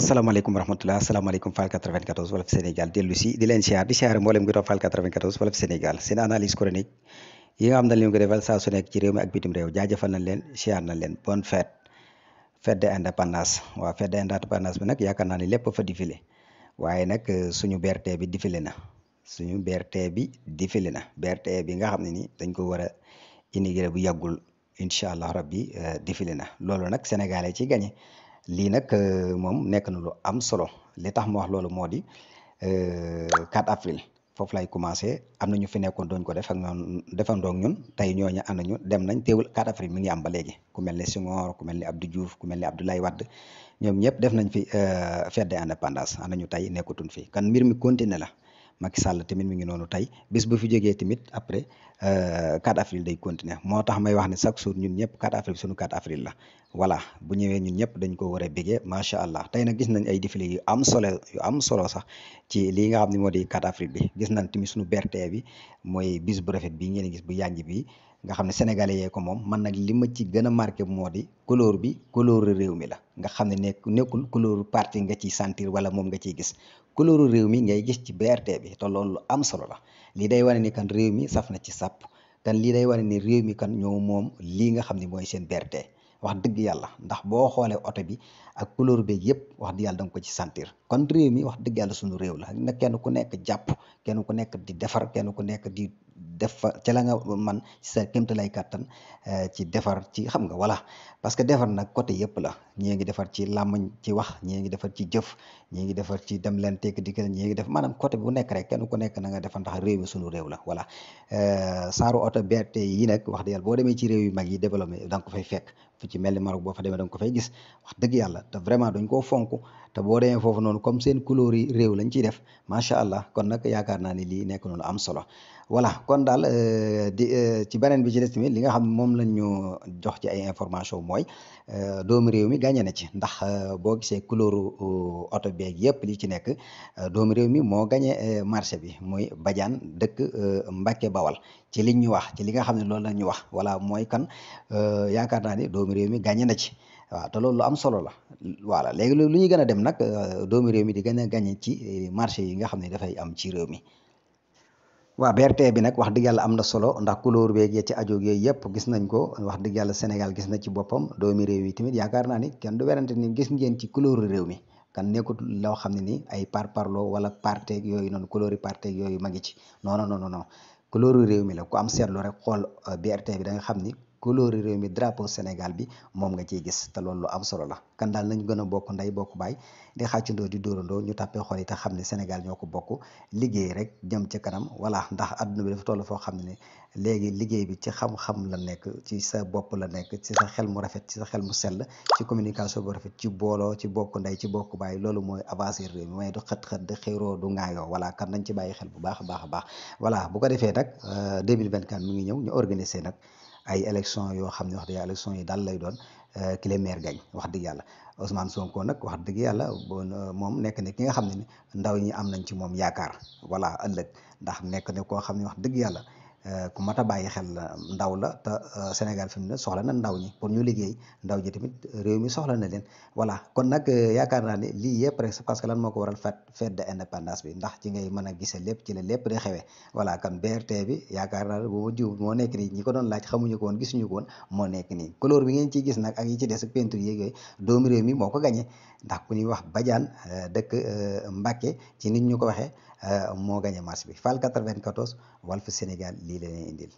asalaamaaleykum warahmatullah asalaamaaleykum Fall 94 Walf Sénégal dellu si di leen siyaar di siyaare mboolem ngi toog Fall 94 Walf Sénégal seen analyse chronique yi nga xam ne leen ko defal saa su nekk ci réew mi ak bitim réew jaajëfal nañ leen siyaar nañ leen bonne fête fête de indépendance waaw fête bi nag yaakaar naa ne lépp fa difile waaye nag euh, suñu BRT bi difile na suñu BRT bi difile na BRT bi nga xam ne ni dañ ko war a inauguré bu yàggul incha allah rabbi euh, difile na loolu nag sénégalais ci gagné lii nag euh, moom nekk nu lu am solo li tax ma wax loolu moo di 4 euh, april foofu lay commencé am na ñu fi nekkoon doon ko def ak defandoog ñun tey ñooñu ànd ñu dem nañ teewul 4 avril mi ngi am ba léegi ku mel ne Senghor ku mel ne Abdou juuf ku mel ne Abdoulaye wadd ñoom ñëpp def nañ fi euh, fête de l'indépendance ànd ñu tey nekkutuñ fi kan mbir mi continué la. Macky Sall tamit mi ngi noonu tey bis bu fi jegee tamit après 4 euh, avril day continuer moo tax may wax ne chaque jour ñun ñëpp 4 avril sunu 4 avril la voilà bu ñëwee ñun ñëpp dañ ko waree a bégee macha allah tey na gis nañ ay défilé yu am solo yu am solo sax ci lii nga xam ne moo di 4 avril bi gis nañ tamit sunu BRT bi mooy bis bu rafet bi ngeen gis bu yànj bi nga xam ne sénégalais yee ko moom man nag li ma ci gën a marqué moo di couleur bi couleur réew mi la nga xam ne nekk nekkul couleur parti nga ciy sentir wala moom nga ciy gis couleur réew mi ngay gis ci BRT bi te loolu am solo la lii day wane ni kan réew mi saf na ci sàpp kan lii day wane nii réew mi kan ñoo moom lii nga xam ni mooy seen BRT wax dëgg yàlla ndax boo xoolee oto bi ak couleur bee yëpp wax di yàlla da nga ko ci sentir kon réew mi wax dëgg yàlla suñu réew la nag kenn ku nekk jàpp kenn ku nekk di defar kenn ku nekk di def fa ca la nga man sa kéemtalaay kàttan eh, ci defar ci xam nga voilà parce que defar nag côté yëpp la ñii ngi defar ci làmmiñ ci wax ñii ngi defar ci jëf ñii ngi defar ci dem leen tekk di ñii ngi def maanaam côté bu nekk rek kenn ku nekk na nga defar ndax réew mi sunu réew la voilà eh, saaru oto BRT yi nag wax dëgg boo demee ci réew yu mag yi développé da ko fay fekk fu ci mel ni Maroc boo fa demee da ko fay gis wax dëgg yàlla te vraiment dañ koo fonk te boo demee foofu noonu comme seen couleur yi réew lañ ciy def macha allah kon nag yaakaar naa ni lii nekk noonu am solo voilà kon daal euh, di euh, ci beneen bi ci des tamit li nga xam moom lañ ñu jox ci ay information mooy euh, doomu réew mi gàññe na ci ndax boo gisee couleur oto beeg yëpp li ci nekk doomu réew mi moo gàñe marché bi mooy Badiane dëkk Mbacke Bawal ci li ñu wax ci li nga xam ne loolu la ñu wax voilà mooy kan yaakaar naa ni doomu réew mi gàññe na ci waaw te loolu lu am solo la voilà léegi lu ñuy gën a dem nag euh, doomi réew mi di gën a gañe ci euh, marché yi nga xam ne dafay am ci réew mi waa BRT bi nag wax dëgg yàlla am na solo ndax couleur beeg ya ci ajoog yooyu yëpp gis nañ ko wax dëgg yàlla Sénégal gis na ci boppam doomi réew yi tamit yaakaar naa ni kenn du werante ni gis ngeen ci couleur réew mi kan nekkut loo xam ne ni ay par parlo wala parteeg yooyu noonu couleur parteeg yooyu ma ngi ci non non no non couleur réew mi la ko am seetlu rek xool euh, BRT bi da xam ni couleur réew mi drapeau Sénégal bi moom nga ciy gis te lool lu am solo la kan daal nañ gën a bokk ndey bokk baay di xàccandoo di dóorandoo ñu tàppee xol yi te xam ne Sénégal ñoo ko bokk liggéey rek jëm ca kanam voilà ndax àdduna bi dafa toll foo xam ne léegi liggéey bi ci xam-xam la nekk ci sa bopp la nekk ci sa xel mu rafet ci sa xel mu sell ci communication bu rafet ci booloo ci bokk ndey ci bokk baay loolu mooy avancer réew mi waaye du xët-xët di xiroo du ŋaayoo wala kan nañ ci bàyyi xel bu baax a baax a baax voilà bu ko defee nag 2024 euh, mu ngi ñëw ñu organiser nag ay élection yoo xam ne wax dëgg yàlla élection yi daal lay doon euh, ki le maire gañ wax dëgg yàlla Ousmane Sonko nag wax dëgg yàlla euh, moom nekk ne ki nga xam ne ni ndaw ñi am nañ ci moom yaakaar voilà ëllëg ndax nekk ne koo xam ne wax dëgg yàlla Euh, ku mat a bàyyi xel euh, ndaw la te euh, Sénégal fi na soxla na ndaw ñi pour ñu liggéey ndaw ji tamit réew mi soxla na leen voilà kon nag yaakaar naa ne lii yëpp rek c'est parce que lan moo ko waral fête fête de indépendance bi ndax ci ngay mën a gise lépp ci la lépp di xewee voilà kan BRT bi yaakaar naa ne booba jiw moo nekk nii ñi ko doon laaj xamuñu ko woon gisuñu ko woon moo nekk nii couleur bi ngeen ciy gis nag ak yi ci des ak peinture yeeg doomu réew mi moo ko gañe ndax ku ñuy wax Badiane dëkk Mbacke ci nit ñu ko waxee moo gañe marché bi FAL 94 Walf Sénégal lii la leen indil.